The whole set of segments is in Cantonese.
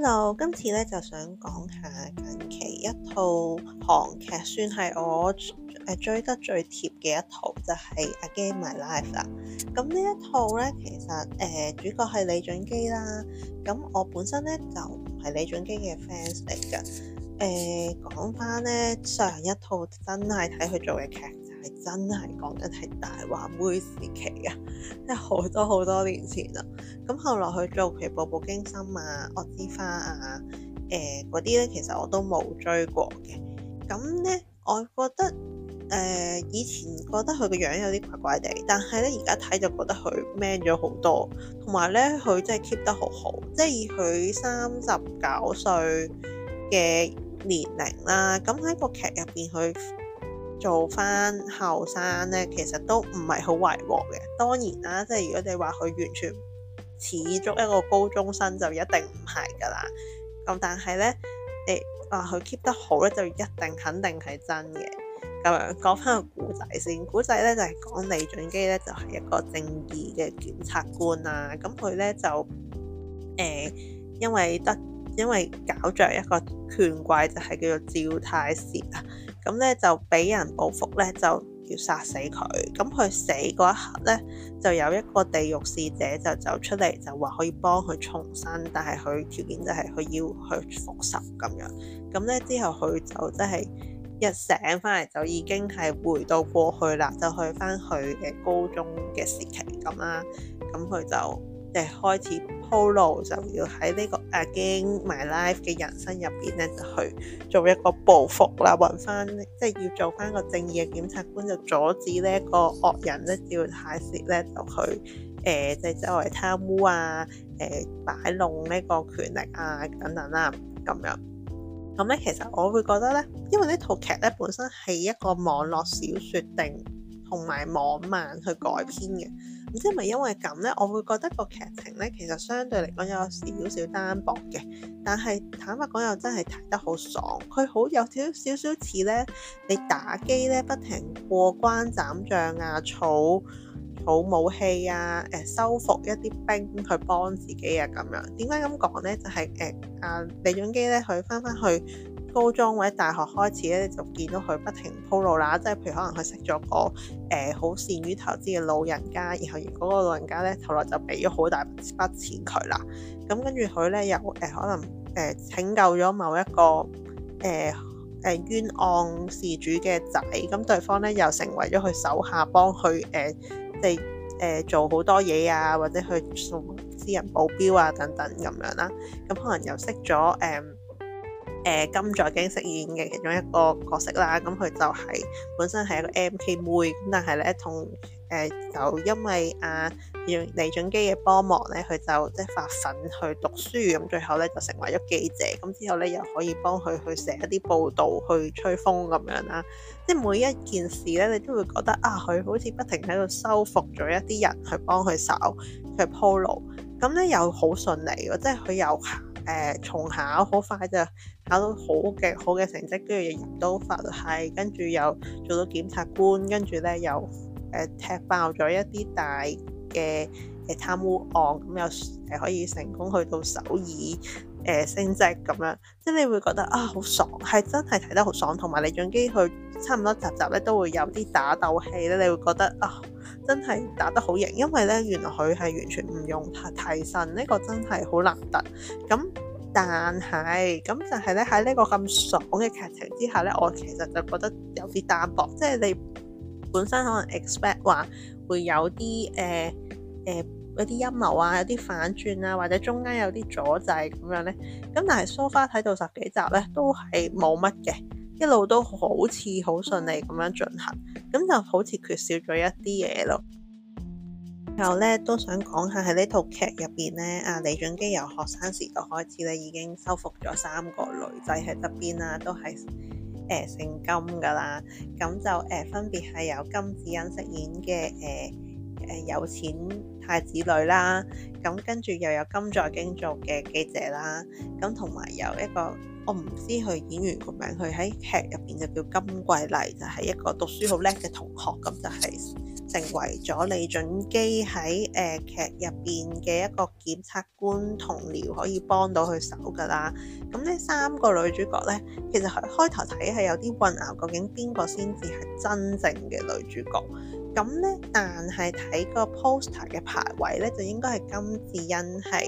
就今次咧，就想講下近期一套韓劇，算係我誒追，追得最貼嘅一套，就係、是《Again My Life》啦。咁呢一套咧，其實誒、呃、主角係李準基啦。咁我本身咧就唔係李準基嘅 fans 嚟㗎。誒、呃，講返咧上一套真，真係睇佢做嘅劇。係真係講緊係大話妹時期啊，即係好多好多年前啊。咁後來去做劇步步驚心啊、惡之花啊、誒嗰啲咧，其實我都冇追過嘅。咁咧，我覺得誒、呃、以前覺得佢個樣有啲怪怪地，但係咧而家睇就覺得佢 man 咗好多，同埋咧佢真係 keep 得好好，即係以佢三十九歲嘅年齡啦，咁喺個劇入邊佢。做翻後生咧，其實都唔係好違和嘅。當然啦，即係如果你話佢完全似足一個高中生，就一定唔係噶啦。咁但係咧，誒啊，佢 keep 得好咧，就一定肯定係真嘅。咁樣講翻個古仔先，古仔咧就係講李準基咧，就係、是就是、一個正義嘅檢察官啊。咁佢咧就誒、欸，因為得因為搞着一個權貴，就係、是、叫做趙太師啊。咁咧就俾人報復咧，就要殺死佢。咁佢死嗰一刻咧，就有一個地獄使者就走出嚟，就話可以幫佢重生，但係佢條件就係佢要去復仇咁樣。咁咧之後佢就即係一醒翻嚟就已經係回到過去啦，就去翻佢嘅高中嘅時期咁啦。咁佢就。就開始鋪路，就要喺呢個《Again My Life》嘅人生入邊咧，就去做一個報復啦，揾翻即係要做翻個正義嘅檢察官，就阻止呢個惡人咧照太師咧，就去誒即係周圍貪污啊、誒、呃、擺弄呢個權力啊等等啦、啊，咁樣。咁咧其實我會覺得咧，因為呢套劇咧本身係一個網絡小說定同埋網漫去改編嘅。唔知係咪因為咁呢，我會覺得個劇情呢，其實相對嚟講有少少單薄嘅，但係坦白講又真係睇得好爽。佢好有少少少似呢，你打機呢，不停過關斬將啊，儲儲武器啊，誒、呃、收復一啲兵去幫自己啊咁樣。點解咁講呢？就係、是、誒、呃、啊李準基呢，佢翻翻去。高中或者大學開始咧，就見到佢不停鋪路啦。即係譬如可能佢識咗個誒好善於投資嘅老人家，然後嗰個老人家咧，後來就俾咗好大筆錢佢啦。咁跟住佢咧又誒可能誒拯救咗某一個誒誒冤案事主嘅仔，咁對方咧又成為咗佢手下，幫佢誒即係誒做好多嘢啊，或者去送私人保鏢啊等等咁樣啦。咁可能又識咗誒。誒金在京飾演嘅其中一個角色啦，咁佢就係本身係一個 M.K. 妹，咁但係咧同誒、呃、就因為啊李準基嘅幫忙咧，佢就即係發奮去讀書，咁最後咧就成為咗記者，咁之後咧又可以幫佢去寫一啲報道去吹風咁樣啦。即係每一件事咧，你都會覺得啊，佢好似不停喺度收服咗一啲人去幫佢手，去鋪路。咁咧又好順利嘅，即係佢又誒重考好快就。搞到好嘅好嘅成績，跟住又入到法律系，跟住又做到檢察官，跟住咧又誒踢爆咗一啲大嘅嘅貪污案，咁又誒可以成功去到首爾誒、呃、升職咁樣，即係你會覺得啊好、哦、爽，係真係睇得好爽。同埋李準基去差唔多集集咧都會有啲打鬥戲咧，你會覺得啊、哦、真係打得好型，因為咧原來佢係完全唔用替身，呢、這個真係好難得。咁但係咁就係咧，喺呢個咁爽嘅劇情之下咧，我其實就覺得有啲單薄，即係你本身可能 expect 話會有啲誒誒有啲陰謀啊，有啲反轉啊，或者中間有啲阻滯咁樣咧。咁但係 So far 睇到十幾集咧，都係冇乜嘅，一路都好似好順利咁樣進行，咁就好似缺少咗一啲嘢咯。然後咧都想講下喺呢套劇入邊咧，阿李準基由學生時代開始咧已經收服咗三個女仔喺側邊啦，都係誒、呃、姓金噶啦。咁就誒、呃、分別係由金智恩飾演嘅誒誒有錢太子女啦，咁跟住又有金在京做嘅記者啦，咁同埋有一個我唔知佢演員個名，佢喺劇入邊就叫金桂麗，就係、是、一個讀書好叻嘅同學，咁就係、是。成為咗李準基喺誒、呃、劇入邊嘅一個檢察官同僚，可以幫到佢手㗎啦。咁呢三個女主角呢，其實佢開頭睇係有啲混淆，究竟邊個先至係真正嘅女主角？咁呢，但係睇個 poster 嘅排位呢，就應該係金智恩係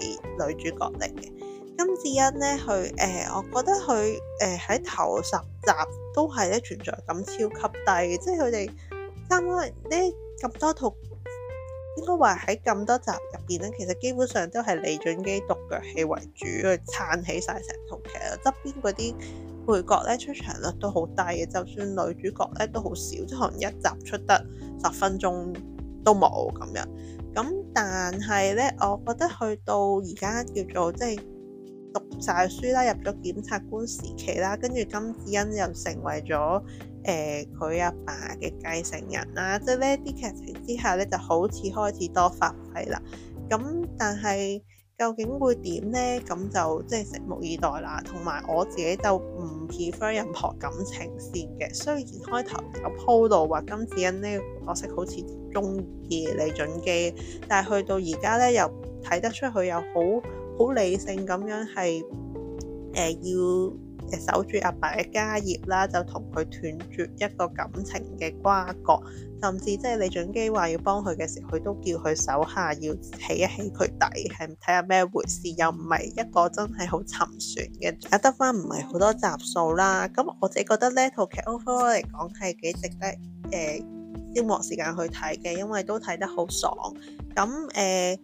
女主角嚟嘅。金智恩呢，佢，誒、呃，我覺得佢誒喺頭十集都係咧存在感超級低嘅，即係佢哋差唔多呢。咁多套，應該話喺咁多集入邊咧，其實基本上都係李準基獨腳戲為主，去撐起晒成套劇。側邊嗰啲配角咧，出場率都好低嘅，就算女主角咧都好少，即可能一集出得十分鐘都冇咁樣。咁但係咧，我覺得去到而家叫做即係。就是讀晒書啦，入咗檢察官時期啦，跟住金智恩又成為咗誒佢阿爸嘅繼承人啦，即係呢啲劇情之下咧，就好似開始多發揮啦。咁但係究竟會點呢？咁就即係拭目以待啦。同埋我自己就唔 prefer 任何感情線嘅。雖然開頭有鋪到話金智恩呢角色好似中意李準基，但係去到而家咧又睇得出佢又好。好理性咁樣係誒要守住阿爸嘅家業啦，就同佢斷絕一個感情嘅瓜葛，甚至即係李準基話要幫佢嘅時候，佢都叫佢手下，要起一起佢底，係睇下咩回事。又唔係一個真係好沉船嘅，得翻唔係好多集數啦。咁我自己覺得呢套劇 overall 嚟講係幾值得誒、呃、消磨時間去睇嘅，因為都睇得好爽。咁誒。呃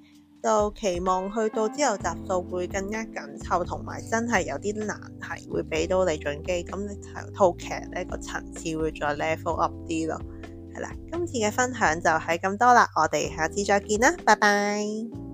就期望去到之後集數會更加緊湊，同埋真係有啲難題會俾到李準基，咁套劇呢個層次會再 level up 啲咯。係啦，今次嘅分享就係咁多啦，我哋下次再見啦，拜拜。